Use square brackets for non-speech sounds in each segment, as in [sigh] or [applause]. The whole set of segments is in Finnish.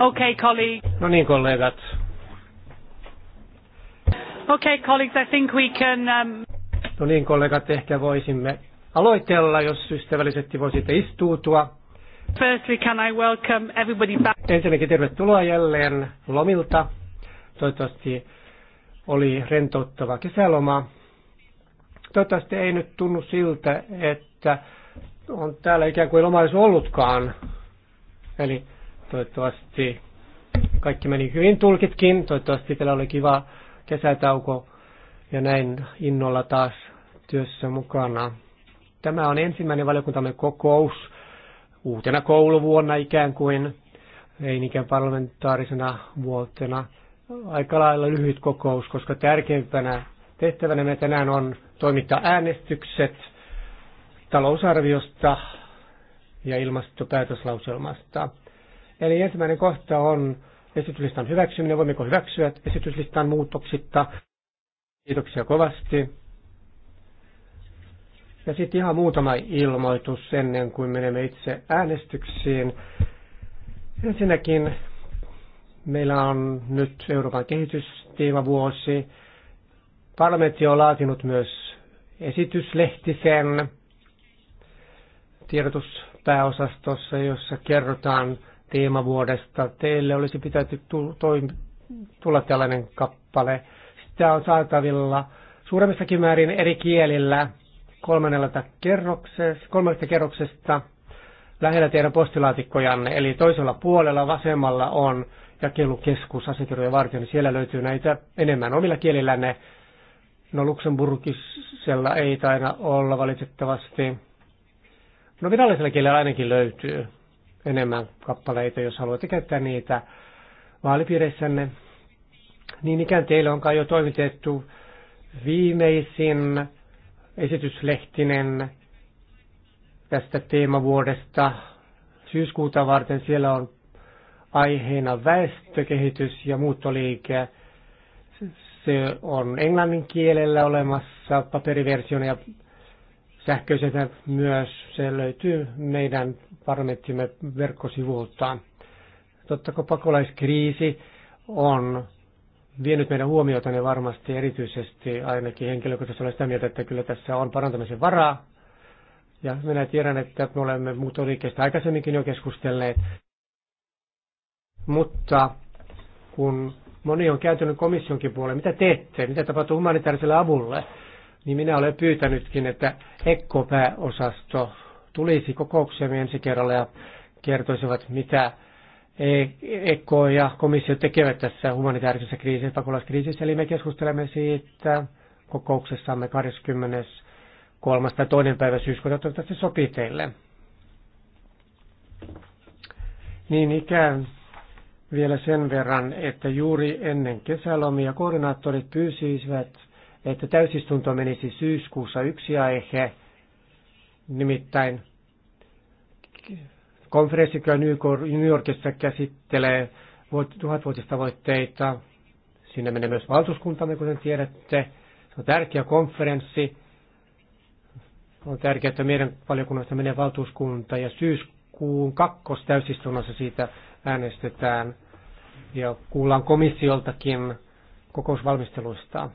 Okay, colleagues. No niin, kollegat. Okay, colleagues, I think we can... Um... No niin, kollegat, ehkä voisimme aloitella, jos ystävällisesti voisitte istuutua. Firstly, can I welcome everybody back? Ensinnäkin tervetuloa jälleen lomilta. Toivottavasti oli rentouttava kesäloma. Toivottavasti ei nyt tunnu siltä, että on täällä ikään kuin loma ollutkaan. Eli Toivottavasti kaikki meni hyvin tulkitkin. Toivottavasti teillä oli kiva kesätauko ja näin innolla taas työssä mukana. Tämä on ensimmäinen valiokuntamme kokous uutena kouluvuonna ikään kuin, ei niinkään parlamentaarisena vuotena. Aika lailla lyhyt kokous, koska tärkeimpänä tehtävänä me tänään on toimittaa äänestykset talousarviosta ja ilmastopäätöslauselmasta. Eli ensimmäinen kohta on esityslistan hyväksyminen. Voimmeko hyväksyä esityslistan muutoksitta? Kiitoksia kovasti. Ja sitten ihan muutama ilmoitus ennen kuin menemme itse äänestyksiin. Ensinnäkin meillä on nyt Euroopan kehitystiimavuosi. Parlamentti on laatinut myös esityslehtisen tiedotuspääosastossa, jossa kerrotaan teemavuodesta. Teille olisi pitänyt tulla tällainen kappale. Sitä on saatavilla suuremmissakin määrin eri kielillä kolmannelta kerroksesta, kolmannelta kerroksesta lähellä teidän postilaatikkojanne, eli toisella puolella vasemmalla on jakelukeskus asiakirjojen varten, niin siellä löytyy näitä enemmän omilla kielillänne. No Luxemburgisella ei taina olla valitettavasti. No virallisella kielellä ainakin löytyy enemmän kappaleita, jos haluatte käyttää niitä vaalipiireissänne. Niin ikään teille on kai jo toimitettu viimeisin esityslehtinen tästä teemavuodesta syyskuuta varten. Siellä on aiheena väestökehitys ja muuttoliike. Se on englannin kielellä olemassa paperiversiona ja sähköisenä myös. Se löytyy meidän parlamenttimme verkkosivultaan. Totta kai pakolaiskriisi on vienyt meidän huomiotanne niin varmasti erityisesti ainakin henkilökohtaisesti olen sitä mieltä, että kyllä tässä on parantamisen varaa. Ja minä tiedän, että me olemme oikeastaan aikaisemminkin jo keskustelleet. Mutta kun moni on kääntynyt komissionkin puoleen, mitä teette, mitä tapahtuu humanitaariselle avulle, niin minä olen pyytänytkin, että ECO-pääosasto tulisi kokouksemme ensi kerralla ja kertoisivat, mitä EK e ja komissio tekevät tässä humanitaarisessa kriisissä, pakolaiskriisissä. Eli me keskustelemme siitä kokouksessamme 23. tai toinen päivä syyskuuta. Toivottavasti se sopii teille. Niin ikään vielä sen verran, että juuri ennen kesälomia koordinaattorit pyysivät, että täysistunto menisi syyskuussa yksi aihe – Nimittäin konferenssi, joka New Yorkissa käsittelee tuhatvuotistavoitteita. Sinne menee myös valtuuskuntamme, kuten tiedätte. Se on tärkeä konferenssi. On tärkeää, että meidän valiokunnasta menee valtuuskunta ja syyskuun kakkostäysistunnossa siitä äänestetään ja kuullaan komissioltakin kokousvalmisteluista.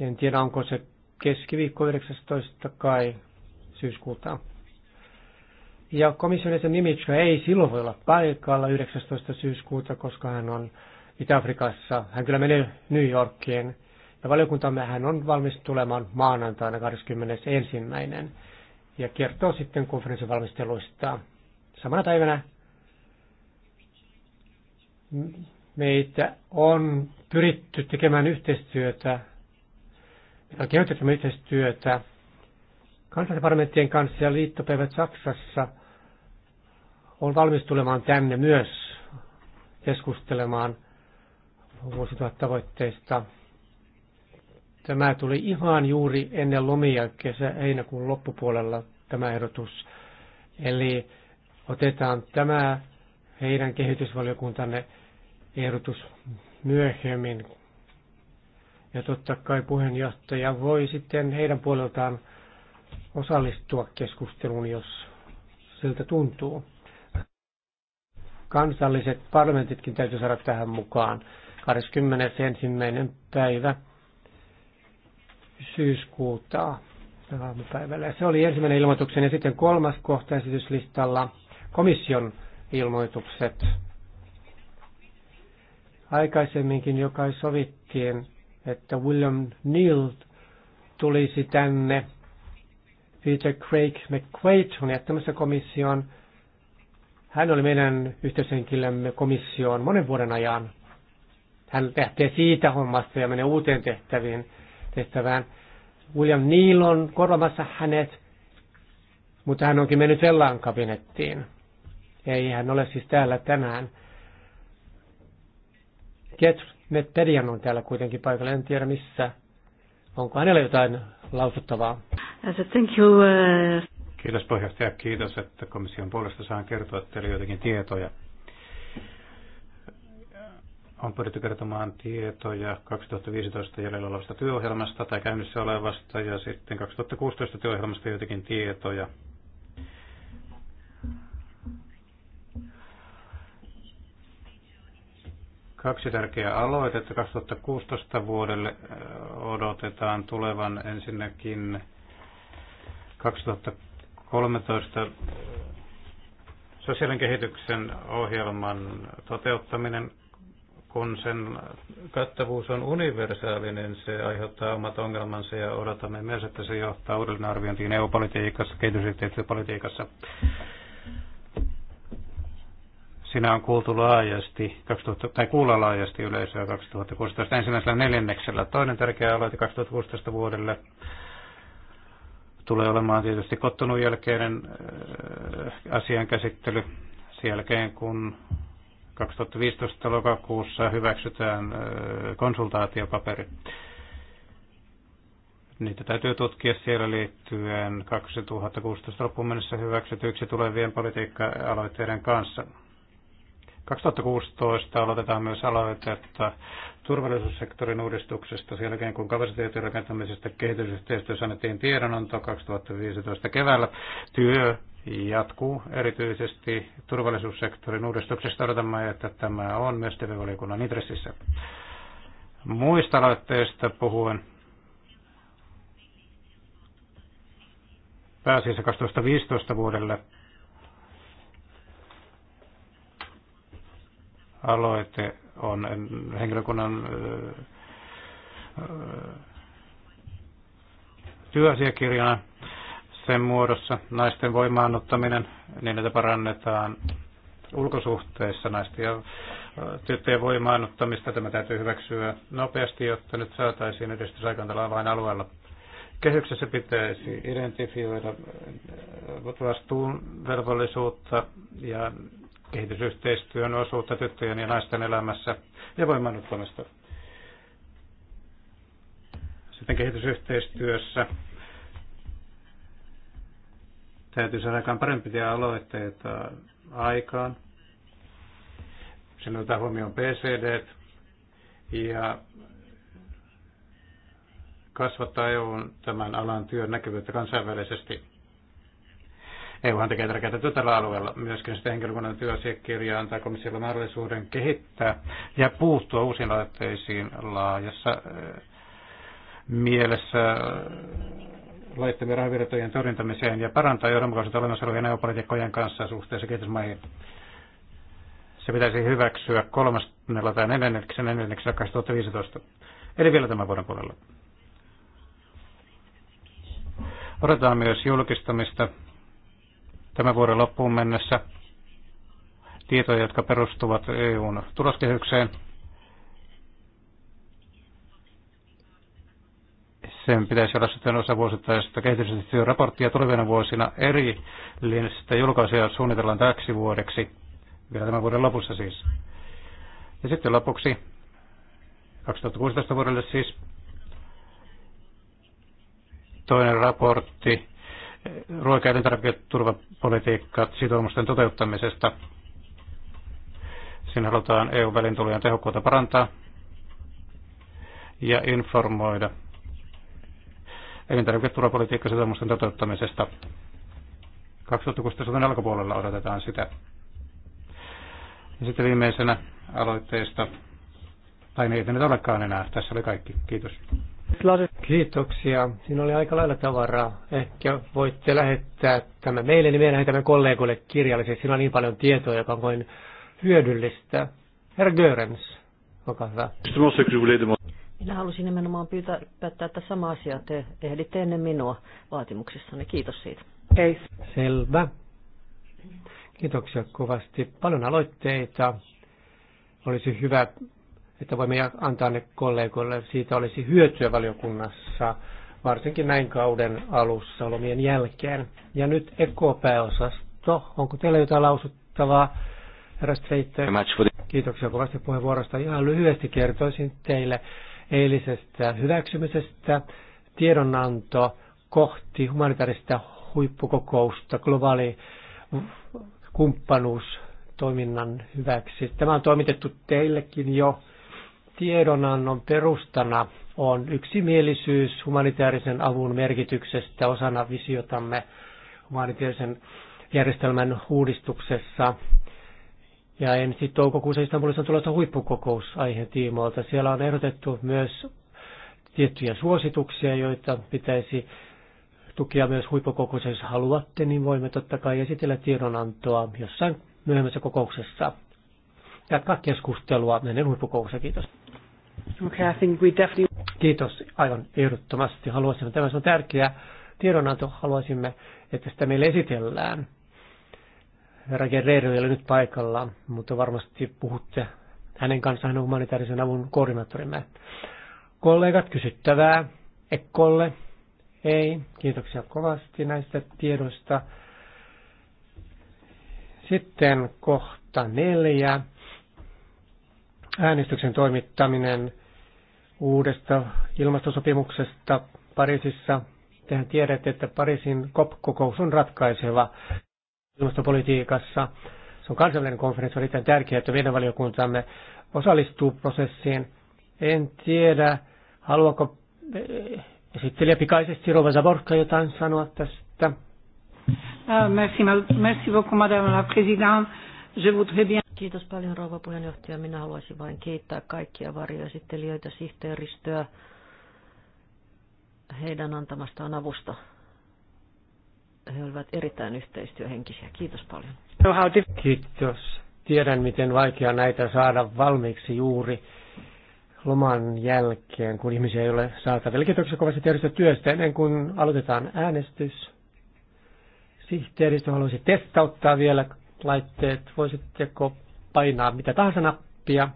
En tiedä, onko se keskiviikko 19 kai syyskuuta. Ja komission jäsen Nimitska ei silloin voi olla paikalla 19. syyskuuta, koska hän on Itä-Afrikassa. Hän kyllä menee New Yorkiin. Ja valiokuntamme hän on valmis tulemaan maanantaina 21. ja kertoo sitten konferenssin valmisteluista. Samana päivänä meitä on pyritty tekemään yhteistyötä, Meitä on kehitetty yhteistyötä Kansallisparlamenttien kanssa ja liittopäivät Saksassa on valmis tulemaan tänne myös keskustelemaan vuosituhattavoitteista. Tämä tuli ihan juuri ennen lomia kesä-heinäkuun loppupuolella tämä ehdotus. Eli otetaan tämä heidän kehitysvaliokuntanne ehdotus myöhemmin. Ja totta kai puheenjohtaja voi sitten heidän puoleltaan osallistua keskusteluun, jos siltä tuntuu. Kansalliset parlamentitkin täytyy saada tähän mukaan. 21. päivä syyskuuta aamupäivällä. Se oli ensimmäinen ilmoituksen ja sitten kolmas kohta esityslistalla komission ilmoitukset. Aikaisemminkin joka sovittiin, että William Neal tulisi tänne Peter Craig McQuaid on jättämässä komission. Hän oli meidän yhteyshenkilömme komissioon monen vuoden ajan. Hän lähtee siitä hommasta ja menee uuteen tehtäviin, tehtävään. William Neal on korvamassa hänet, mutta hän onkin mennyt sellaan kabinettiin. Ei hän ole siis täällä tänään. Ket Metterian on täällä kuitenkin paikalla, en tiedä missä. Onko hänellä jotain lausuttavaa? Thank you. Uh, kiitos puheenjohtaja, kiitos, että komission puolesta saan kertoa teille jotakin tietoja. On pyritty kertomaan tietoja 2015 jäljellä olevasta työohjelmasta tai käynnissä olevasta ja sitten 2016 työohjelmasta jotakin tietoja. kaksi tärkeää aloitetta 2016 vuodelle odotetaan tulevan ensinnäkin 2013 sosiaalisen kehityksen ohjelman toteuttaminen, kun sen kattavuus on universaalinen, se aiheuttaa omat ongelmansa ja odotamme myös, että se johtaa arviointiin EU-politiikassa, kehitysyhteistyöpolitiikassa. Siinä on kuultu laajasti, 2000, tai kuulla laajasti yleisöä 2016 ensimmäisellä neljänneksellä. Toinen tärkeä aloite 2016 vuodelle tulee olemaan tietysti kottonun jälkeinen äh, asian käsittely sen jälkeen, kun 2015 lokakuussa hyväksytään äh, konsultaatiopaperi. Niitä täytyy tutkia siellä liittyen 2016 loppuun mennessä hyväksytyiksi tulevien politiikka-aloitteiden kanssa. 2016 aloitetaan myös aloitetta turvallisuussektorin uudistuksesta sen jälkeen, kun kapasiteetin rakentamisesta kehitysyhteistyössä annettiin tiedonanto 2015 keväällä. Työ jatkuu erityisesti turvallisuussektorin uudistuksesta. Odotamme, että tämä on myös TV-valiokunnan intressissä. Muista aloitteista puhuen pääasiassa 2015 vuodelle aloite on henkilökunnan työasiakirjana sen muodossa naisten voimaannuttaminen niin, että parannetaan ulkosuhteissa naisten ja tyttöjen voimaannuttamista. Tämä täytyy hyväksyä nopeasti, jotta nyt saataisiin edistysaikaan vain alueella. Kehyksessä pitäisi identifioida vastuun velvollisuutta ja kehitysyhteistyön osuutta tyttöjen ja naisten elämässä ja voimannuttamista. Sitten kehitysyhteistyössä täytyy saada aikaan parempia aloitteita aikaan. Sen otetaan huomioon PCD ja kasvattaa EUn tämän alan työn näkyvyyttä kansainvälisesti EUhan tekee tärkeää työtä tällä alueella. Myöskin sitten henkilökunnan työasiakirja antaa komissiolle mahdollisuuden kehittää ja puuttua uusiin laitteisiin laajassa eh, mielessä eh, laittomien rahavirtojen torjuntamiseen ja parantaa johdonmukaisuutta olemassa olevien EU-politiikkojen kanssa suhteessa kehitysmaihin. Se pitäisi hyväksyä kolmannella tai neljänneksen neljänneksen 2015. Eli vielä tämän vuoden puolella. Odotetaan myös julkistamista tämän vuoden loppuun mennessä tietoja, jotka perustuvat EUn tuloskehykseen. Sen pitäisi olla sitten osa vuosittaisesta kehitysyhteistyön raporttia tulevina vuosina linjasta julkaisuja suunnitellaan täksi vuodeksi, vielä tämän vuoden lopussa siis. Ja sitten lopuksi 2016 vuodelle siis toinen raportti ruoka- ja turvapolitiikka sitoumusten toteuttamisesta. Siinä halutaan EU-välintulojen tehokkuutta parantaa ja informoida elintarviketurvapolitiikka sitoumusten toteuttamisesta. 2016 alkupuolella odotetaan sitä. Ja sitten viimeisenä aloitteesta, tai niitä nyt olekaan enää. Tässä oli kaikki. Kiitos. Kiitoksia. Siinä oli aika lailla tavaraa. Ehkä voitte lähettää tämä meille, niin meidän lähetämme kollegoille kirjallisesti. Siinä on niin paljon tietoa, joka on kuin hyödyllistä. Herra Görens, olkaa hyvä. Minä halusin nimenomaan pyytää, päättää, että sama asia te ehditte ennen minua vaatimuksissanne. Kiitos siitä. Ei. Selvä. Kiitoksia kovasti. Paljon aloitteita. Olisi hyvä että voimme antaa ne kollegoille. Siitä olisi hyötyä valiokunnassa, varsinkin näin kauden alussa lomien jälkeen. Ja nyt EKO-pääosasto, onko teillä jotain lausuttavaa? Herra kiitoksia kovasti puheenvuorosta. Ihan lyhyesti kertoisin teille eilisestä hyväksymisestä tiedonanto kohti humanitaarista huippukokousta, globaali kumppanuustoiminnan hyväksi. Tämä on toimitettu teillekin jo tiedonannon perustana on yksimielisyys humanitaarisen avun merkityksestä osana visiotamme humanitaarisen järjestelmän uudistuksessa. Ja ensi toukokuussa Istanbulissa on tulossa huippukokous aiheen tiimoilta. Siellä on ehdotettu myös tiettyjä suosituksia, joita pitäisi tukea myös huippukokouksessa jos haluatte, niin voimme totta kai esitellä tiedonantoa jossain myöhemmässä kokouksessa jatkaa keskustelua ennen huippukoukussa. Kiitos. Okay, I think we definitely... Kiitos aivan ehdottomasti. Haluaisimme, tämä on tärkeä tiedonanto, haluaisimme, että sitä meille esitellään. Herra Guerrero ei ole nyt paikalla, mutta varmasti puhutte hänen kanssaan hän humanitaarisen avun koordinaattorimme. Kollegat, kysyttävää. Ekkolle. Ei. Kiitoksia kovasti näistä tiedoista. Sitten kohta neljä äänestyksen toimittaminen uudesta ilmastosopimuksesta Pariisissa. Tehän tiedätte, että Pariisin COP-kokous on ratkaiseva ilmastopolitiikassa. Se on kansainvälinen konferenssi, on erittäin tärkeää, että meidän valiokuntamme osallistuu prosessiin. En tiedä, haluaako eh, esittelijä pikaisesti Rova Zaborka jotain sanoa tästä. Ah, merci, merci beaucoup, madame la présidente. Je voudrais bien... Kiitos paljon rouva puheenjohtaja. Minä haluaisin vain kiittää kaikkia varjoesittelijöitä, sihteeristöä heidän antamastaan avusta. He olivat erittäin yhteistyöhenkisiä. Kiitos paljon. Kiitos. Tiedän, miten vaikea näitä saada valmiiksi juuri loman jälkeen, kun ihmisiä ei ole saatavilla. Kiitoksia kovasti tiedosta työstä ennen kuin aloitetaan äänestys. Sihteeristö haluaisi testauttaa vielä laitteet, voisitteko painaa mitä tahansa nappia.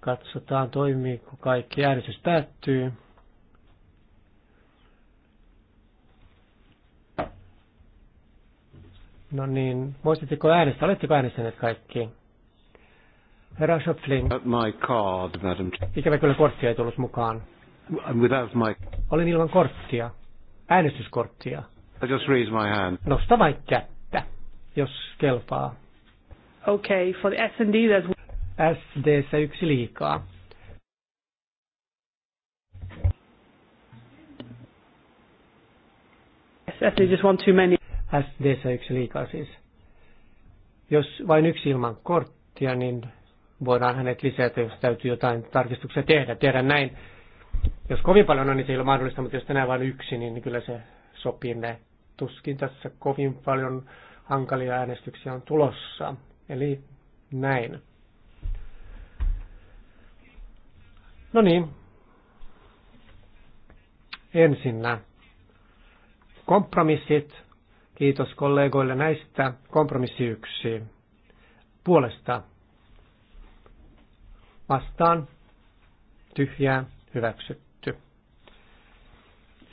Katsotaan toimiiko kaikki. Äänestys päättyy. No niin, voisitteko äänestää? Oletteko äänestäneet kaikki? Herra Schöpfling. My card, madam. Ikävä kyllä korttia ei tullut mukaan. Without my... Olin ilman korttia. Äänestyskorttia. I just raise my hand. Nosta vain kättä jos kelpaa. Okay, for the S&D that's... SDssä yksi liikaa. SD just one too many. SDssä yksi liikaa siis. Jos vain yksi ilman korttia, niin voidaan hänet lisätä, jos täytyy jotain tarkistuksia tehdä. tehdään näin. Jos kovin paljon on, niin se ei ole mahdollista, mutta jos tänään vain yksi, niin kyllä se sopii ne. Tuskin tässä kovin paljon hankalia äänestyksiä on tulossa. Eli näin. No niin. Ensinnä kompromissit. Kiitos kollegoille näistä. Kompromissi yksi. Puolesta vastaan tyhjää hyväksytty.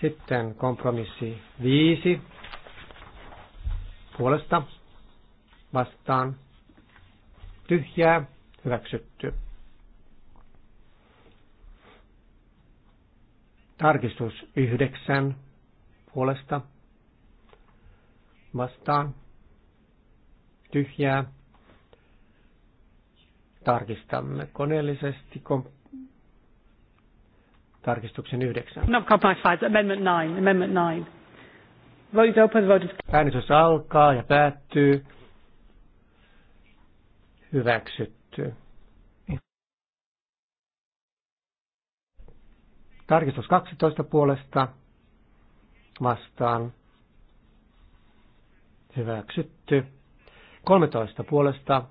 Sitten kompromissi viisi puolesta vastaan tyhjää hyväksytty. Tarkistus yhdeksän puolesta vastaan tyhjää. Tarkistamme koneellisesti kom- tarkistuksen yhdeksän. No, compromise five, amendment nine, amendment nine voit open, vote Äänitys alkaa ja päättyy. Hyväksytty. Tarkistus 12 puolesta vastaan. Hyväksytty. 13 puolesta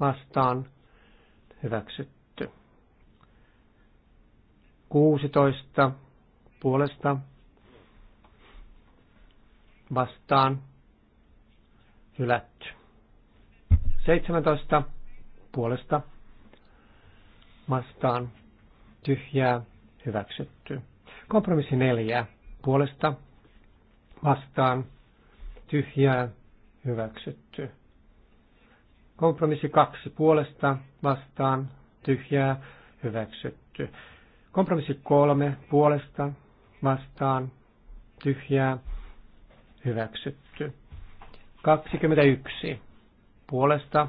vastaan. Hyväksytty. 16 puolesta vastaan hylätty. 17 puolesta vastaan tyhjää hyväksytty. Kompromissi 4 puolesta vastaan tyhjää hyväksytty. Kompromissi 2 puolesta vastaan tyhjää hyväksytty. Kompromissi 3 puolesta vastaan tyhjää hyväksytty. 21 puolesta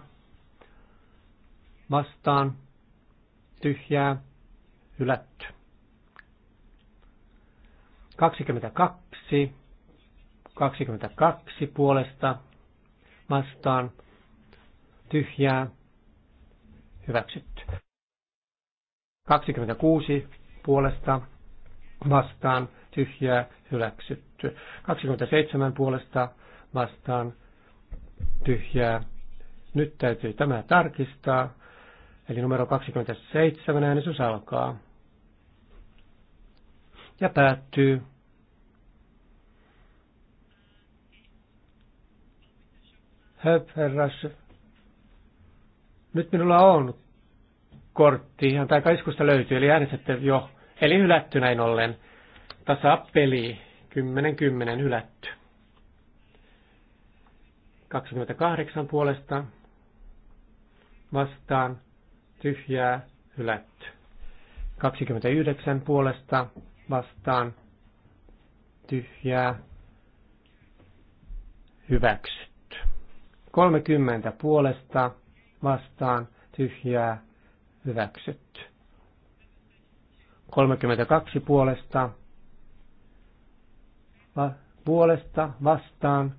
vastaan tyhjää hylätty. 22 22 puolesta vastaan tyhjää hyväksytty. 26 puolesta vastaan tyhjää hyväksytty. 27 puolesta vastaan tyhjää. Nyt täytyy tämä tarkistaa. Eli numero 27 äänestys alkaa. Ja päättyy. Höp, herras. Nyt minulla on kortti, tai kaiskusta löytyy, eli äänestätte jo. Eli hylätty näin ollen. Tasapeli. 10, 10 hylätty. 28 puolesta vastaan tyhjää hylätty. 29 puolesta vastaan tyhjää hyväksytty. 30 puolesta vastaan tyhjää hyväksytty. 32 puolesta vastaan, va, puolesta vastaan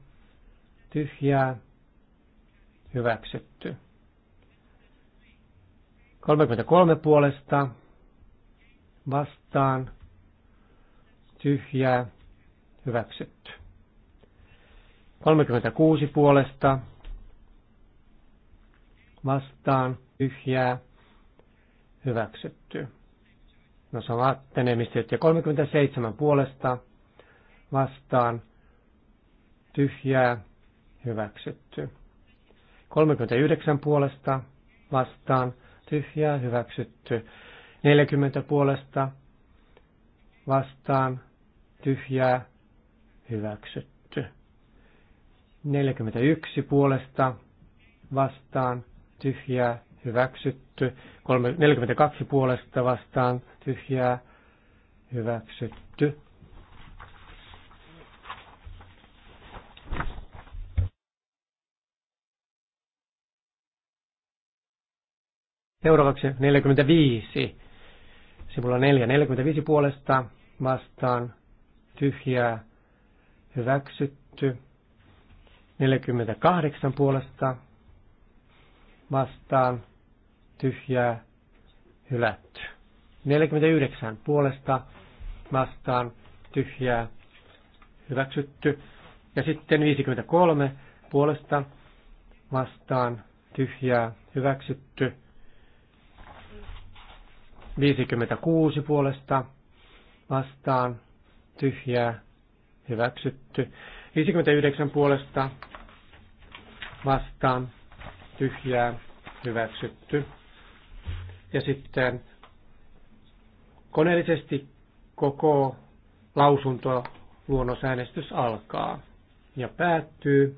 tyhjää hyväksytty. 33 puolesta vastaan tyhjää hyväksytty. 36 puolesta vastaan tyhjää hyväksytty. No samat enemmistöt ja 37 puolesta vastaan tyhjää hyväksytty. 39 puolesta vastaan tyhjää hyväksytty. 40 puolesta vastaan tyhjää hyväksytty. 41 puolesta vastaan tyhjää hyväksytty. 42 puolesta vastaan tyhjää hyväksytty. Seuraavaksi 45. Sivulla 4. 45 puolesta vastaan tyhjää hyväksytty. 48 puolesta vastaan tyhjää hylätty. 49 puolesta vastaan tyhjää hyväksytty. Ja sitten 53 puolesta vastaan tyhjää hyväksytty. 56 puolesta vastaan tyhjää hyväksytty. 59 puolesta vastaan tyhjää hyväksytty. Ja sitten koneellisesti koko lausunto luonnosäänestys alkaa ja päättyy.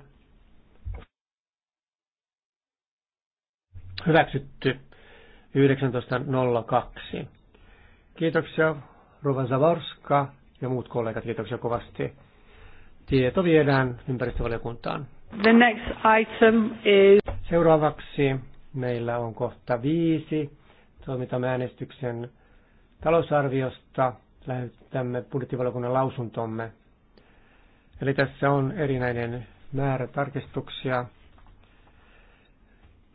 Hyväksytty. 19.02. Kiitoksia Ruvan Zavorska ja muut kollegat, kiitoksia kovasti. Tieto viedään ympäristövaliokuntaan. The next item is... Seuraavaksi meillä on kohta viisi. Toimitamme äänestyksen talousarviosta. Lähetämme budjettivaliokunnan lausuntomme. Eli tässä on erinäinen määrä tarkistuksia.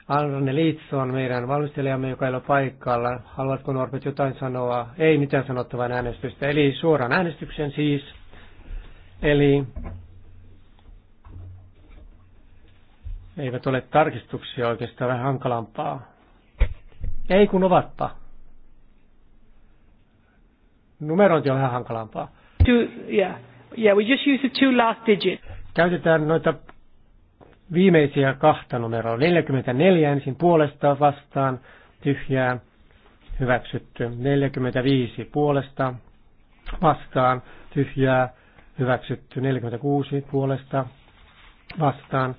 Arne Liits on meidän valmistelijamme, joka ei ole paikalla. Haluatko nuorpet jotain sanoa? Ei mitään sanottavan äänestystä. Eli suoran äänestyksen siis. Eli eivät ole tarkistuksia oikeastaan vähän hankalampaa. Ei kun ovatpa. Numerointi on vähän hankalampaa. Two, yeah. Yeah, we just use the two last digits. Käytetään noita viimeisiä kahta numeroa. 44 ensin puolesta vastaan tyhjää hyväksytty. 45 puolesta vastaan tyhjää hyväksytty. 46 puolesta vastaan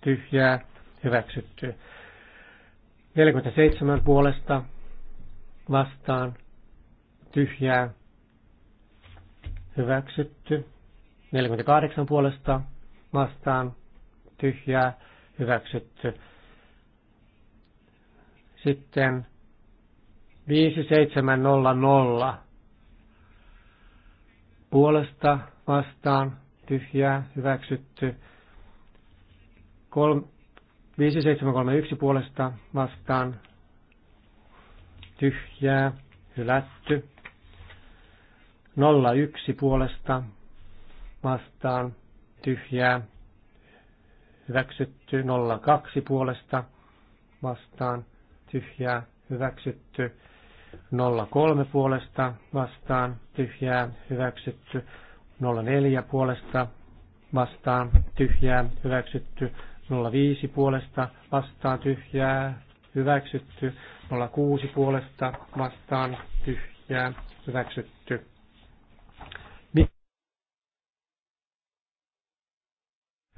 tyhjää hyväksytty. 47 puolesta vastaan tyhjää hyväksytty. 48 puolesta vastaan tyhjää hyväksytty. Sitten 5700 puolesta vastaan tyhjää hyväksytty. 5731 puolesta vastaan tyhjää hylätty. 01 puolesta vastaan tyhjää hyväksytty 02 puolesta vastaan tyhjää hyväksytty 03 puolesta vastaan tyhjää hyväksytty 04 puolesta vastaan tyhjää hyväksytty 05 puolesta vastaan tyhjää hyväksytty 06 puolesta vastaan tyhjää hyväksytty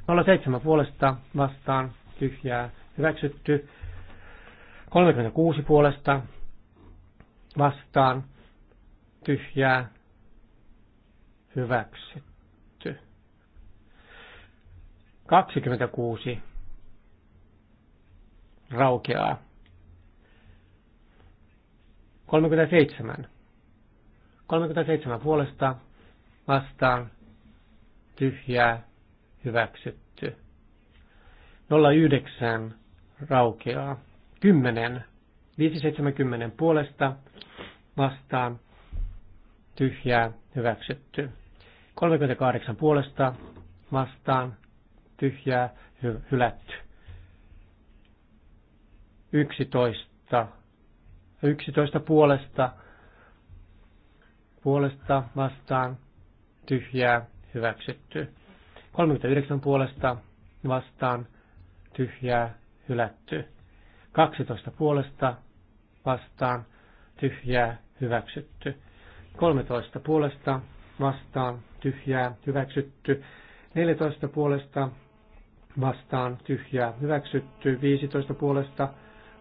07 puolesta vastaan tyhjää hyväksytty. 36 puolesta vastaan tyhjää hyväksytty. 26 raukeaa. 37. 37 puolesta vastaan tyhjää hyväksytty. 09 raukeaa. 10. 570 puolesta vastaan tyhjää hyväksytty. 38 puolesta vastaan tyhjää hy- hylätty. 11. 11 puolesta puolesta vastaan tyhjää hyväksytty. 39 puolesta vastaan tyhjää hylätty. 12 puolesta vastaan tyhjää hyväksytty. 13 puolesta vastaan tyhjää hyväksytty. 14 puolesta vastaan tyhjää hyväksytty. 15 puolesta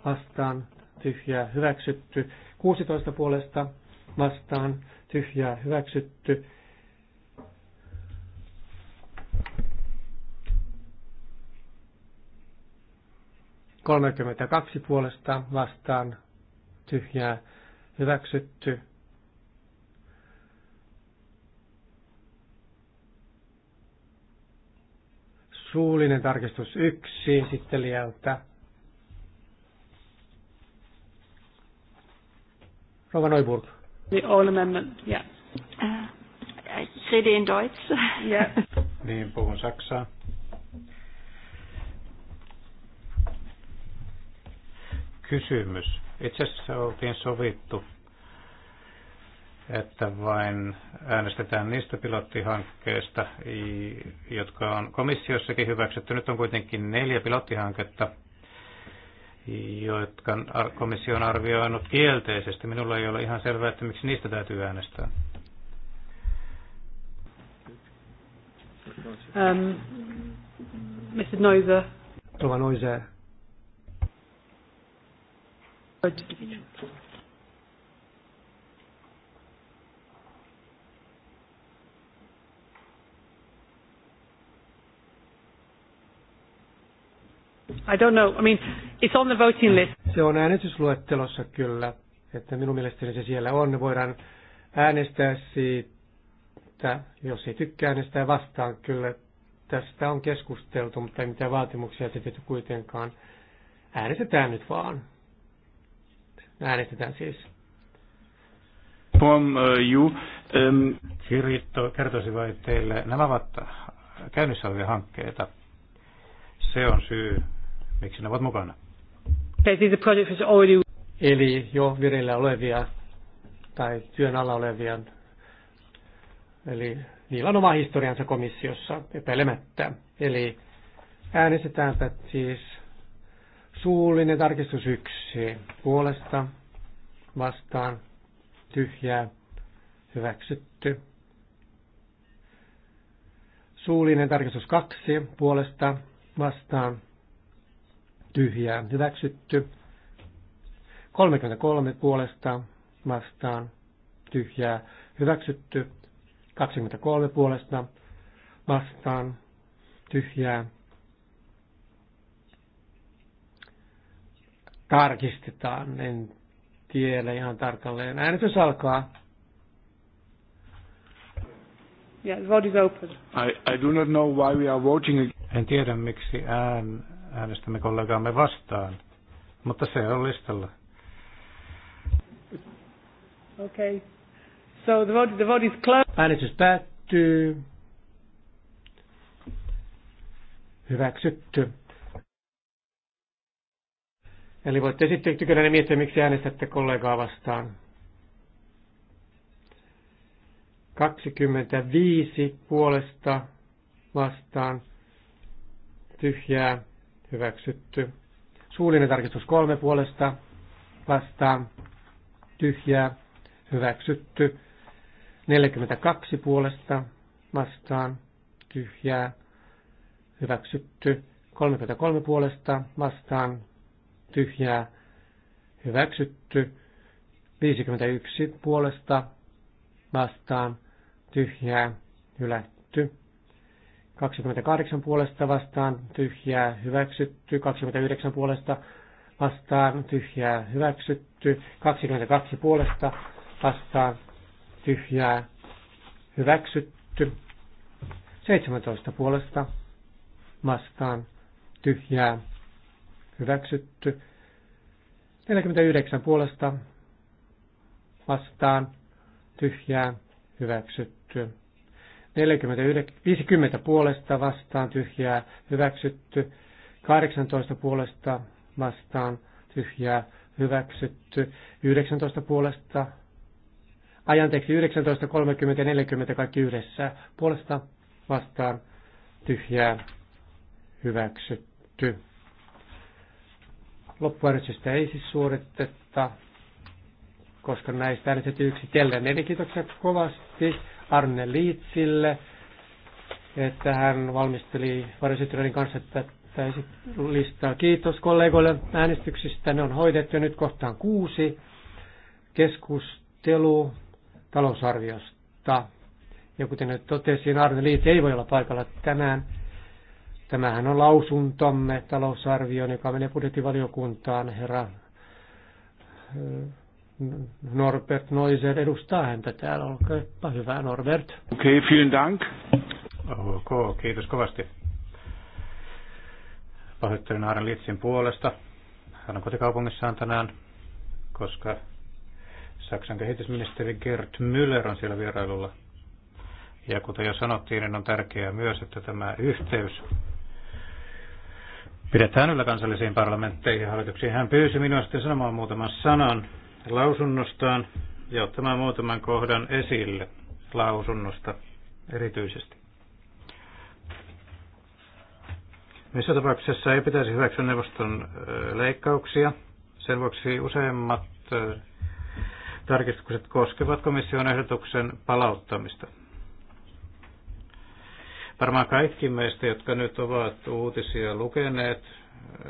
vastaan tyhjää hyväksytty. 16 puolesta vastaan tyhjää hyväksytty. 32 puolesta vastaan tyhjää hyväksytty. Suullinen tarkistus 1 esittelijältä. Rova Neuburg. The all amendment, yeah. Uh, I said in Deutsch. Yeah. [laughs] niin, puhun saksaa. kysymys. Itse asiassa oltiin sovittu, että vain äänestetään niistä pilottihankkeista, jotka on komissiossakin hyväksytty. Nyt on kuitenkin neljä pilottihanketta, jotka komissio on arvioinut kielteisesti. Minulla ei ole ihan selvää, että miksi niistä täytyy äänestää. Um, ähm, Mr. Noiser. Tuva Noiser. I don't know. I mean, it's on the voting list. Se on äänestysluettelossa kyllä, että minun mielestäni se siellä on. Voidaan äänestää siitä, jos ei tykkää äänestää vastaan kyllä. Tästä on keskusteltu, mutta ei mitään vaatimuksia tehty kuitenkaan. Äänestetään nyt vaan. Äänestetään siis. Pom, ju. Uh, um. Kirjitto kertoisi vai teille, nämä ovat käynnissä olevia hankkeita. Se on syy, miksi ne ovat mukana. Eli jo vireillä olevia tai työn alla olevia. Eli niillä on oma historiansa komissiossa epäilemättä. Eli äänestetäänpä siis Suullinen tarkistus yksi. Puolesta vastaan tyhjää hyväksytty. Suullinen tarkistus kaksi. Puolesta vastaan tyhjää hyväksytty. 33 puolesta vastaan tyhjää hyväksytty. 23 puolesta vastaan tyhjää tarkistetaan. En tiedä ihan tarkalleen. Äänestys alkaa. Yeah, the vote is open. I, I do not know why we are voting. En tiedä miksi ään, äänestämme kollegaamme vastaan, mutta se on listalla. Okay. So the vote, the vote is closed. Äänestys päättyy. Hyväksytty. Eli voitte sitten tykönänne miettiä, miksi äänestätte kollegaa vastaan. 25 puolesta vastaan tyhjää hyväksytty. Suullinen tarkistus kolme puolesta vastaan tyhjää hyväksytty. 42 puolesta vastaan tyhjää hyväksytty. 33 puolesta vastaan tyhjää hyväksytty. 51 puolesta vastaan tyhjää hylätty. 28 puolesta vastaan tyhjää hyväksytty. 29 puolesta vastaan tyhjää hyväksytty. 22 puolesta vastaan tyhjää hyväksytty. 17 puolesta vastaan tyhjää hyväksytty. 49 puolesta vastaan tyhjää hyväksytty. 49, 50 puolesta vastaan tyhjää hyväksytty. 18 puolesta vastaan tyhjää hyväksytty. 19 puolesta ajanteeksi 19, 30 ja 40 kaikki yhdessä puolesta vastaan tyhjää hyväksytty. Loppuäänestystä ei siis suoritetta, koska näistä äänestetty yksitellen. Eli kiitoksia kovasti Arne Liitsille, että hän valmisteli varjosytyöiden kanssa tätä listaa. Kiitos kollegoille äänestyksistä. Ne on hoidettu nyt kohtaan kuusi keskustelu talousarviosta. Ja kuten nyt totesin, Arne Liitsi ei voi olla paikalla tänään. Tämähän on lausuntomme talousarvioon, joka menee budjettivaliokuntaan. Herra eh, Norbert Noiser edustaa häntä täällä. Olkaa hyvä, Norbert. Okei, okay, vielen dank. Okay, kiitos kovasti. Pahoittelen Aaren Litsin puolesta. Hän on kotikaupungissaan tänään, koska Saksan kehitysministeri Gerd Müller on siellä vierailulla. Ja kuten jo sanottiin, niin on tärkeää myös, että tämä yhteys pidetään yllä kansallisiin parlamentteihin ja hallituksiin. Hän pyysi minua sitten sanomaan muutaman sanan lausunnostaan ja ottamaan muutaman kohdan esille lausunnosta erityisesti. Missä tapauksessa ei pitäisi hyväksyä neuvoston leikkauksia. Sen vuoksi useimmat tarkistukset koskevat komission ehdotuksen palauttamista. Varmaan kaikki meistä, jotka nyt ovat uutisia lukeneet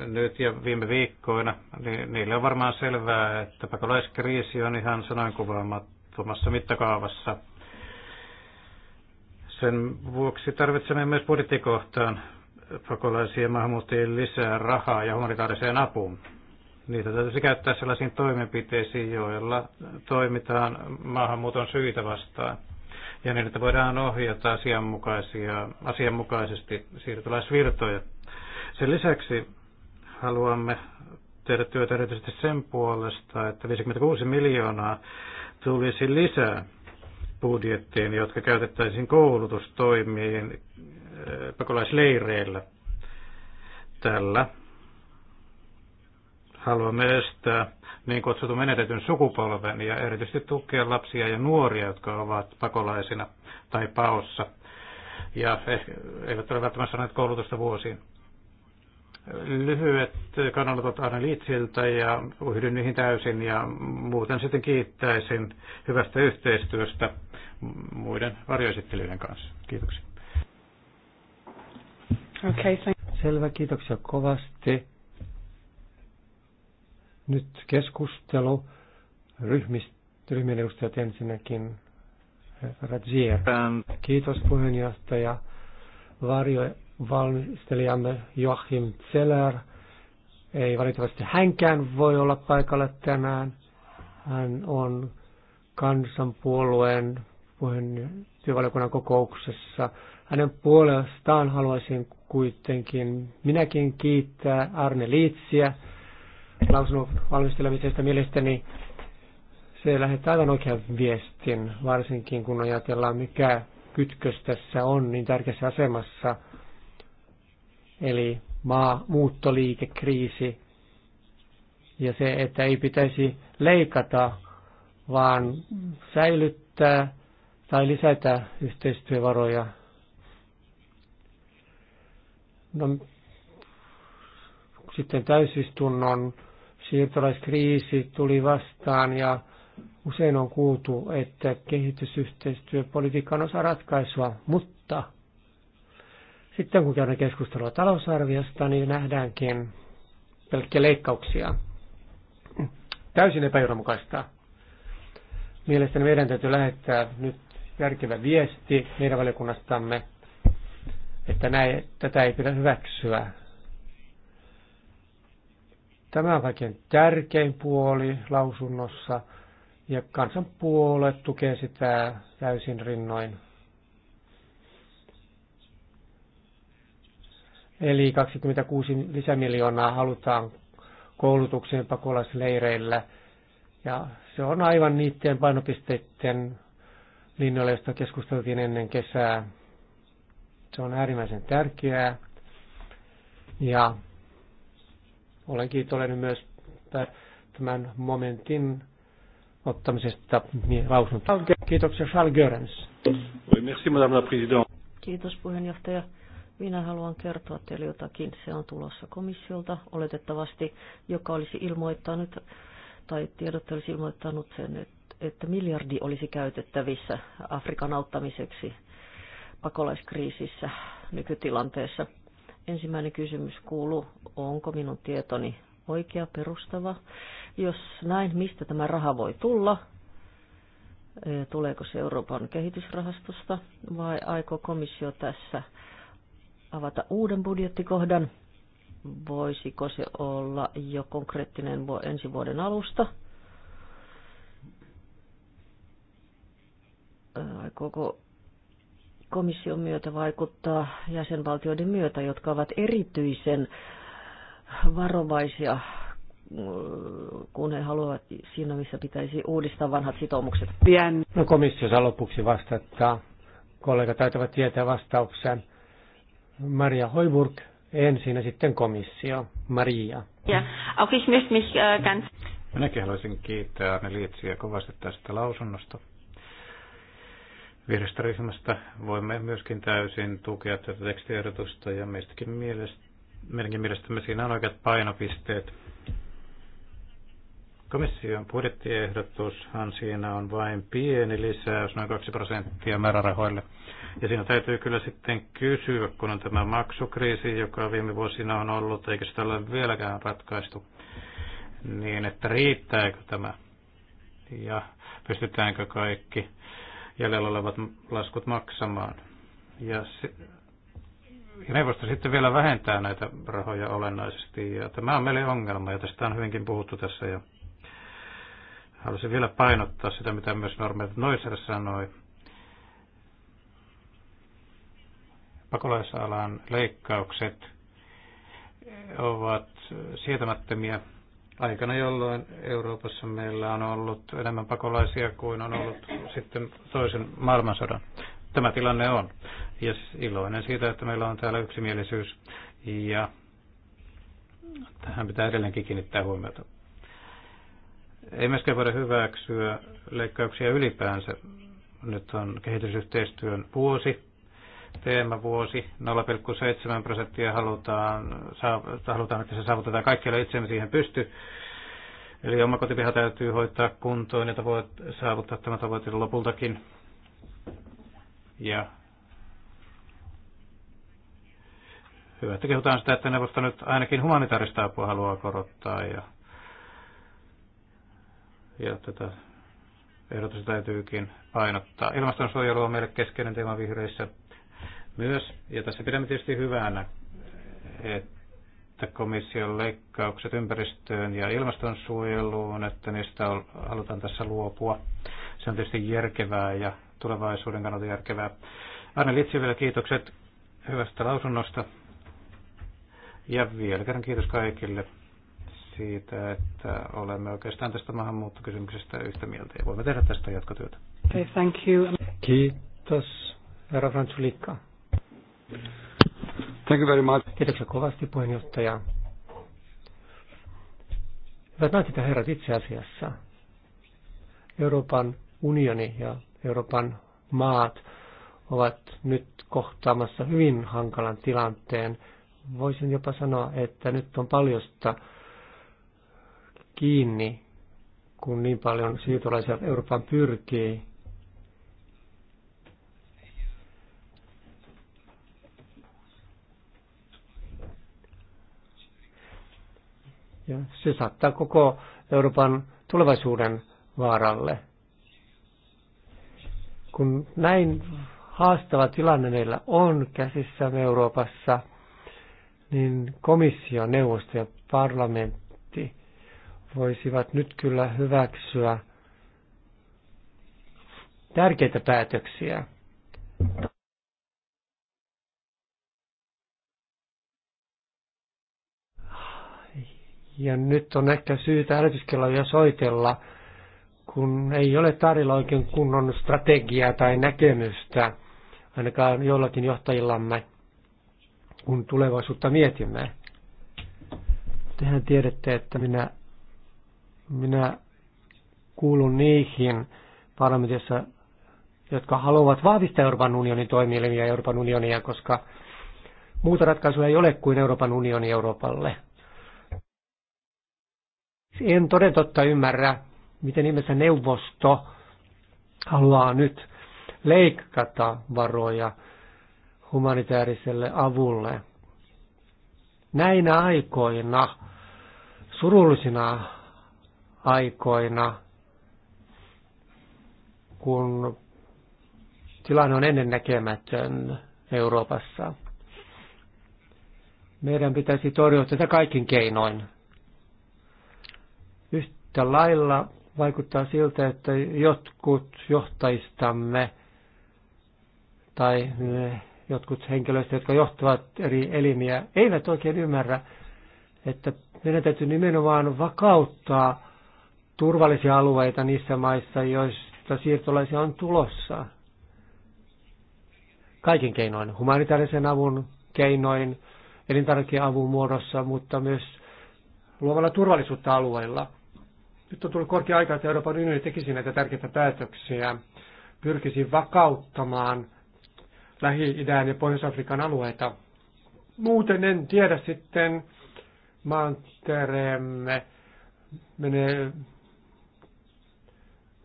nyt ja viime viikkoina, niin niille on varmaan selvää, että pakolaiskriisi on ihan sanankuvaamattomassa mittakaavassa. Sen vuoksi tarvitsemme myös budjettikohtaan pakolaisia maahanmuuttajien lisää rahaa ja humanitaariseen apuun. Niitä täytyisi käyttää sellaisiin toimenpiteisiin, joilla toimitaan maahanmuuton syitä vastaan – ja niin, että voidaan ohjata asianmukaisia, asianmukaisesti siirtolaisvirtoja. Sen lisäksi haluamme tehdä työtä erityisesti sen puolesta, että 56 miljoonaa tulisi lisää budjettiin, jotka käytettäisiin koulutustoimiin eh, pakolaisleireillä. Tällä haluamme estää niin kutsutun menetetyn sukupolven ja erityisesti tukea lapsia ja nuoria, jotka ovat pakolaisina tai paossa ja eivät ole välttämättä saaneet koulutusta vuosiin. Lyhyet kannanotot Arne Liitsiltä ja yhdyn niihin täysin ja muuten sitten kiittäisin hyvästä yhteistyöstä muiden varjoesittelyiden kanssa. Kiitoksia. Okay, Selvä, kiitoksia kovasti. Nyt keskustelu ryhmistä, ryhmien edustajat ensinnäkin. Radzier. Ähm. Kiitos puheenjohtaja. Varjovalmistelijamme Joachim Zeller. Ei valitettavasti hänkään voi olla paikalla tänään. Hän on kansanpuolueen puheenjohtajavaliokunnan kokouksessa. Hänen puolestaan haluaisin kuitenkin minäkin kiittää Arne Liitsiä lausunnon valmistelemisesta mielestäni se lähettää aivan oikean viestin, varsinkin kun ajatellaan, mikä kytkös tässä on niin tärkeässä asemassa, eli maa, kriisi ja se, että ei pitäisi leikata, vaan säilyttää tai lisätä yhteistyövaroja. No, sitten täysistunnon siirtolaiskriisi tuli vastaan ja usein on kuultu, että kehitysyhteistyöpolitiikka on osa ratkaisua, mutta sitten kun käydään keskustelua talousarviosta, niin nähdäänkin pelkkiä leikkauksia. Täysin epäjohdonmukaista. Mielestäni meidän täytyy lähettää nyt järkevä viesti meidän valiokunnastamme, että näin, tätä ei pidä hyväksyä. Tämä on tärkein puoli lausunnossa ja kansan puole tukee sitä täysin rinnoin. Eli 26 lisämiljoonaa halutaan koulutukseen pakolaisleireillä. Ja se on aivan niiden painopisteiden linjoilla, joista keskusteltiin ennen kesää. Se on äärimmäisen tärkeää. Ja olen kiitollinen myös tämän momentin ottamisesta lausuntoon. Kiitoksia Charles Görens. Merci, madame la présidente. Kiitos puheenjohtaja. Minä haluan kertoa teille jotakin. Se on tulossa komissiolta oletettavasti, joka olisi ilmoittanut tai tiedot olisi ilmoittanut sen, että miljardi olisi käytettävissä Afrikan auttamiseksi pakolaiskriisissä nykytilanteessa. Ensimmäinen kysymys kuuluu, onko minun tietoni oikea perustava? Jos näin, mistä tämä raha voi tulla? Tuleeko se Euroopan kehitysrahastosta vai aikoo komissio tässä avata uuden budjettikohdan? Voisiko se olla jo konkreettinen ensi vuoden alusta? Aikooko komission myötä vaikuttaa jäsenvaltioiden myötä, jotka ovat erityisen varovaisia, kun he haluavat siinä, missä pitäisi uudistaa vanhat sitoumukset. Pien. No komissio saa lopuksi vastata. Kollega taitavat tietää vastauksen. Maria Hoiburg ensin ja sitten komissio. Maria. Ja, auch ich möchte mich äh, ganz... Minäkin haluaisin kiittää Anne Lietsiä kovasti tästä lausunnosta. Vihreästä ryhmästä voimme myöskin täysin tukea tätä tekstiehdotusta ja meistäkin mielestä, meidänkin mielestämme siinä on oikeat painopisteet. Komission budjettiehdotushan siinä on vain pieni lisäys, noin 2 prosenttia määrärahoille. Ja siinä täytyy kyllä sitten kysyä, kun on tämä maksukriisi, joka viime vuosina on ollut, eikä sitä ole vieläkään ratkaistu, niin että riittääkö tämä ja pystytäänkö kaikki jäljellä olevat laskut maksamaan. Ja, se, ja neuvosto sitten vielä vähentää näitä rahoja olennaisesti. Ja tämä on meille ongelma, ja tästä on hyvinkin puhuttu tässä. Ja haluaisin vielä painottaa sitä, mitä myös Norman Noiser sanoi. Pakolaisalan leikkaukset ovat sietämättömiä aikana, jolloin Euroopassa meillä on ollut enemmän pakolaisia kuin on ollut sitten toisen maailmansodan. Tämä tilanne on. Ja iloinen siitä, että meillä on täällä yksimielisyys ja tähän pitää edelleenkin kiinnittää huomiota. Ei myöskään voida hyväksyä leikkauksia ylipäänsä. Nyt on kehitysyhteistyön vuosi teemavuosi. 0,7 prosenttia halutaan, halutaan, että se saavutetaan kaikkialla itsemme siihen pysty. Eli omakotipiha täytyy hoitaa kuntoon jota voi saavuttaa tämä tavoite lopultakin. Ja hyvä, että kehutaan sitä, että neuvosto nyt ainakin humanitaarista apua haluaa korottaa ja, ja tätä ehdotusta täytyykin painottaa. Ilmastonsuojelu on meille keskeinen teema vihreissä myös, ja tässä pidämme tietysti hyvänä, että komission leikkaukset ympäristöön ja ilmastonsuojeluun, että niistä halutaan tässä luopua. Se on tietysti järkevää ja tulevaisuuden kannalta järkevää. Arne Litsi vielä kiitokset hyvästä lausunnosta. Ja vielä kerran kiitos kaikille siitä, että olemme oikeastaan tästä maahanmuuttokysymyksestä yhtä mieltä ja voimme tehdä tästä jatkotyötä. Okay, thank you. Kiitos, herra Fransulikka. Thank you very much. Kiitoksia kovasti puheenjohtaja. Hyvät naiset ja herrat, itse asiassa Euroopan unioni ja Euroopan maat ovat nyt kohtaamassa hyvin hankalan tilanteen. Voisin jopa sanoa, että nyt on paljosta kiinni, kun niin paljon siirtolaisia Euroopan pyrkii Ja se saattaa koko Euroopan tulevaisuuden vaaralle. Kun näin haastava tilanne meillä on käsissämme Euroopassa, niin komissio, neuvosto ja parlamentti voisivat nyt kyllä hyväksyä tärkeitä päätöksiä Ja nyt on ehkä syytä ja soitella, kun ei ole tarjolla oikein kunnon strategiaa tai näkemystä, ainakaan jollakin johtajillamme, kun tulevaisuutta mietimme. Tehän tiedätte, että minä, minä kuulun niihin parlamentissa, jotka haluavat vahvistaa Euroopan unionin toimielimiä Euroopan unionia, koska muuta ratkaisua ei ole kuin Euroopan unioni Euroopalle. En toden totta ymmärrä, miten ihmeessä neuvosto haluaa nyt leikata varoja humanitaariselle avulle. Näinä aikoina, surullisina aikoina, kun tilanne on ennennäkemätön Euroopassa. Meidän pitäisi torjua tätä kaikin keinoin yhtä lailla vaikuttaa siltä, että jotkut johtajistamme tai jotkut henkilöistä, jotka johtavat eri elimiä, eivät oikein ymmärrä, että meidän täytyy nimenomaan vakauttaa turvallisia alueita niissä maissa, joista siirtolaisia on tulossa. Kaiken keinoin, humanitaarisen avun keinoin, elintarvikeavun muodossa, mutta myös luomalla turvallisuutta alueilla – nyt on tullut korkea aika, että Euroopan unioni tekisi näitä tärkeitä päätöksiä, pyrkisi vakauttamaan Lähi-idän ja Pohjois-Afrikan alueita. Muuten en tiedä sitten, mantereemme menee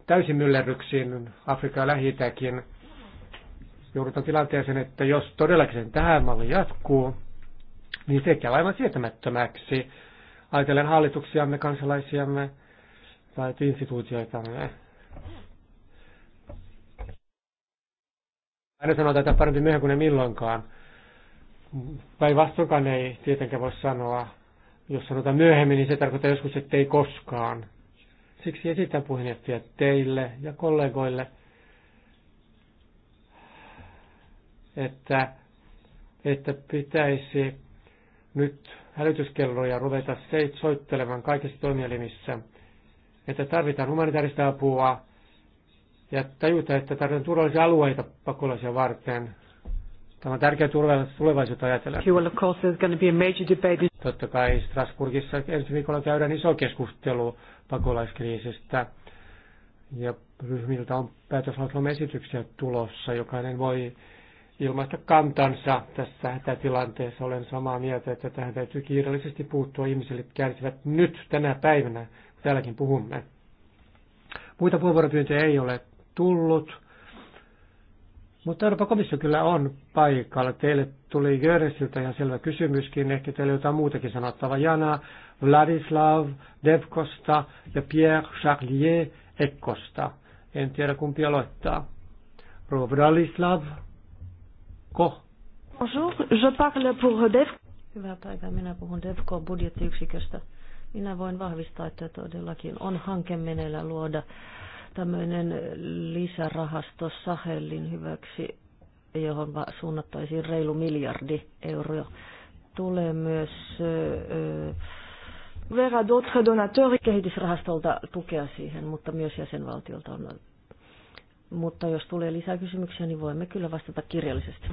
täysin myllerryksiin Afrikan lähitäkin. Joudutaan tilanteeseen, että jos todellakin tähän malli jatkuu, niin se käy aivan sietämättömäksi. Ajatellen hallituksiamme, kansalaisiamme, tai instituutioitamme. Aina sanotaan, että parempi myöhemmin kuin ne milloinkaan. Päinvastoinkaan ei tietenkään voi sanoa. Jos sanotaan myöhemmin, niin se tarkoittaa joskus, että ei koskaan. Siksi esitän puheenjohtaja teille ja kollegoille, että, että pitäisi nyt hälytyskelloja ruveta soittelemaan kaikissa toimielimissä – että tarvitaan humanitaarista apua ja tajuta, että tarvitaan turvallisia alueita pakolaisia varten. Tämä on tärkeä tulevaisuutta ajatella. Totta kai Strasbourgissa ensi viikolla käydään iso keskustelu pakolaiskriisistä. Ja ryhmiltä on päätöslauselman esityksiä tulossa. Jokainen voi ilmaista kantansa tässä hätätilanteessa. Olen samaa mieltä, että tähän täytyy kiireellisesti puuttua. Ihmiset kärsivät nyt tänä päivänä täälläkin puhumme. Muita puheenvuoropyyntöjä ei ole tullut, mutta Euroopan komissio kyllä on paikalla. Teille tuli Göresiltä ihan selvä kysymyskin, ehkä teillä jotain muutakin sanottavaa. Jana, Vladislav, Devkosta ja Pierre Charlier Ekkosta. En tiedä kumpi aloittaa. Rouva Vladislav, ko? Bonjour, je parle pour Dev. Hyvää päivää, minä puhun Devko budjettiyksiköstä. Minä voin vahvistaa, että todellakin on hanke meneillä luoda tämmöinen lisärahasto Sahelin hyväksi, johon suunnattaisiin reilu miljardi euroa. Tulee myös Vera d'autres donateurs kehitysrahastolta tukea siihen, mutta myös jäsenvaltiolta on mutta jos tulee lisää kysymyksiä, niin voimme kyllä vastata kirjallisesti.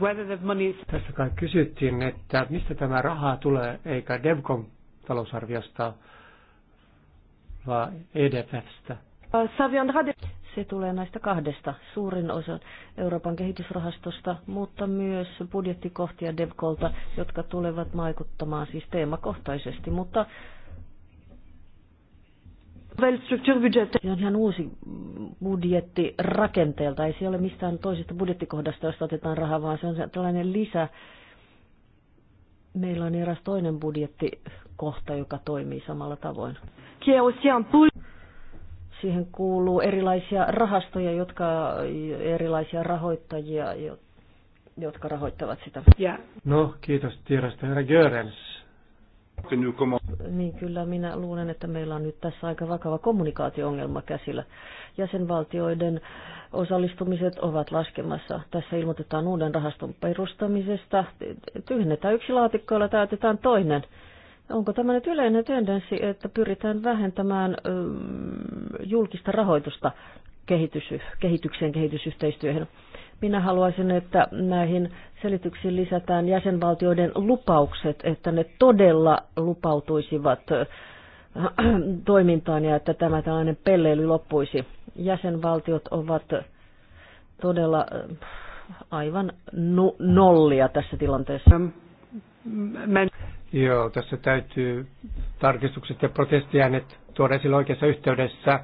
Tässä kai kysyttiin, että mistä tämä raha tulee, eikä Devcon talousarviosta, vaan EDFstä. Se tulee näistä kahdesta, suurin osa Euroopan kehitysrahastosta, mutta myös budjettikohtia DevColta, jotka tulevat vaikuttamaan siis teemakohtaisesti. Mutta se on ihan uusi budjetti rakenteelta. Ei se ole mistään toisesta budjettikohdasta, josta otetaan rahaa, vaan se on tällainen lisä. Meillä on eräs toinen budjetti kohta, joka toimii samalla tavoin. Siihen kuuluu erilaisia rahastoja, jotka erilaisia rahoittajia, jotka rahoittavat sitä. No, kiitos tiedosta, herra Görens. Niin kyllä minä luulen, että meillä on nyt tässä aika vakava kommunikaatioongelma käsillä. Jäsenvaltioiden osallistumiset ovat laskemassa. Tässä ilmoitetaan uuden rahaston perustamisesta. Tyhjennetään yksi laatikko, jolla täytetään toinen. Onko tämä nyt yleinen tendenssi, että pyritään vähentämään julkista rahoitusta kehitys, kehitykseen, kehitysyhteistyöhön? Minä haluaisin, että näihin selityksiin lisätään jäsenvaltioiden lupaukset, että ne todella lupautuisivat [clears throat] toimintaan ja että tämä tällainen pelleily loppuisi. Jäsenvaltiot ovat todella aivan nollia tässä tilanteessa. Ähm, Joo, tässä täytyy tarkistukset ja protestiäänet tuoda esille oikeassa yhteydessä.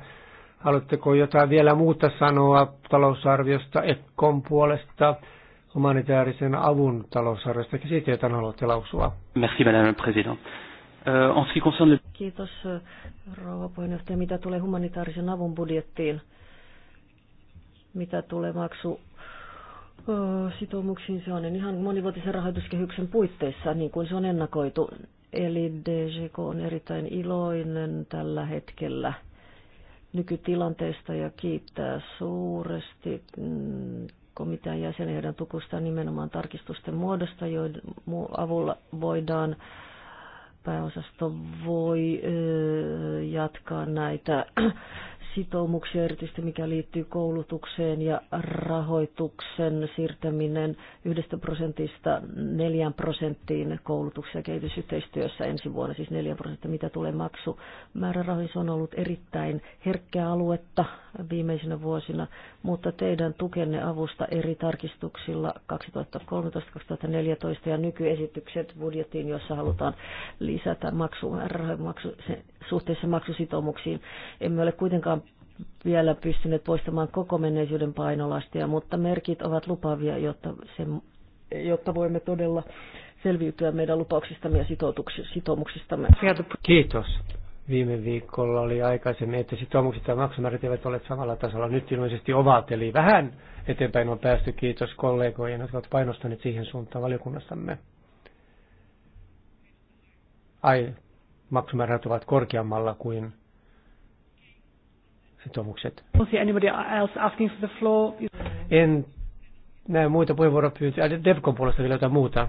Haluatteko jotain vielä muuta sanoa talousarviosta EKKON puolesta, humanitaarisen avun talousarviosta, siitä jotain haluatte lausua? Merci, madame président. Euh, en ce qui concerne... Kiitos, rouva puheenjohtaja. Mitä tulee humanitaarisen avun budjettiin? Mitä tulee maksu sitoumuksiin se on ihan monivuotisen rahoituskehyksen puitteissa, niin kuin se on ennakoitu. Eli DGK on erittäin iloinen tällä hetkellä nykytilanteesta ja kiittää suuresti mm, komitean jäseniä tukusta nimenomaan tarkistusten muodosta, joiden avulla voidaan pääosasto voi jatkaa näitä sitoumuksia, erityisesti mikä liittyy koulutukseen ja rahoituksen siirtäminen yhdestä prosentista neljään prosenttiin koulutuksessa ja kehitysyhteistyössä ensi vuonna, siis neljän prosenttia, mitä tulee maksu. Määrärahoihin on ollut erittäin herkkää aluetta viimeisinä vuosina, mutta teidän tukenne avusta eri tarkistuksilla 2013-2014 ja nykyesitykset budjettiin, jossa halutaan lisätä maksu, määrärahoja maksu, se suhteessa maksusitoumuksiin. Emme ole kuitenkaan vielä pystyneet poistamaan koko menneisyyden painolastia, mutta merkit ovat lupavia, jotta, se, jotta voimme todella selviytyä meidän lupauksistamme ja sitoumuksistamme. Kiitos. Viime viikolla oli aikaisemmin, että sitoumukset ja maksumäärät eivät ole samalla tasolla. Nyt ilmeisesti ovat, eli vähän eteenpäin on päästy. Kiitos kollegojen, jotka ovat painostaneet siihen suuntaan valiokunnassamme. Ai, maksumäärät ovat korkeammalla kuin sitoumukset. En näe muita puheenvuoropyyntöjä. Devcon puolesta vielä jotain muuta.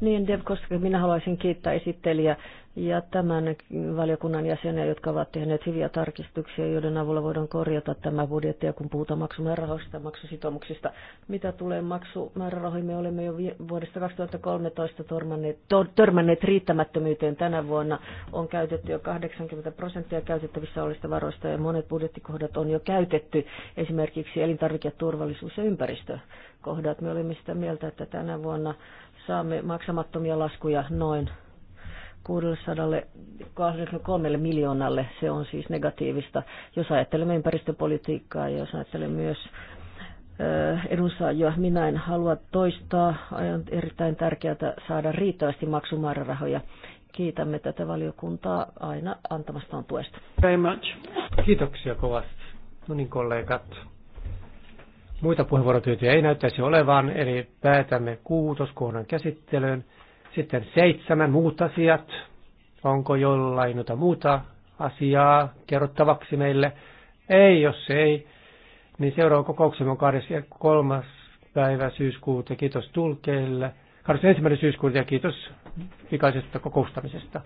Niin, koska minä haluaisin kiittää esittelijä ja tämän valiokunnan jäseniä, jotka ovat tehneet hyviä tarkistuksia, joiden avulla voidaan korjata tämä budjetti, kun puhutaan maksumäärärahoista ja maksusitoumuksista. Mitä tulee maksumäärärahoihin, me olemme jo vuodesta 2013 törmänneet, törmänneet riittämättömyyteen. Tänä vuonna on käytetty jo 80 prosenttia käytettävissä olevista varoista ja monet budjettikohdat on jo käytetty, esimerkiksi elintarviketurvallisuus ja ympäristökohdat. Me olemme sitä mieltä, että tänä vuonna saamme maksamattomia laskuja noin 683 miljoonalle. Se on siis negatiivista, jos ajattelemme ympäristöpolitiikkaa ja jos ajattelemme myös edunsaajia. Minä en halua toistaa. On erittäin tärkeää saada riittävästi maksumäärärahoja. Kiitämme tätä valiokuntaa aina antamastaan tuesta. Very much. Kiitoksia kovasti. No niin kollegat, Muita puheenvuorotyötyjä ei näyttäisi olevan, eli päätämme kuutoskohdan käsittelyyn. Sitten seitsemän muut asiat. Onko jollain jotain muuta asiaa kerrottavaksi meille? Ei, jos ei, niin seuraava kokouksemme on 23. päivä syyskuuta. Kiitos tulkeille. 21. syyskuuta ja kiitos pikaisesta kokoustamisesta.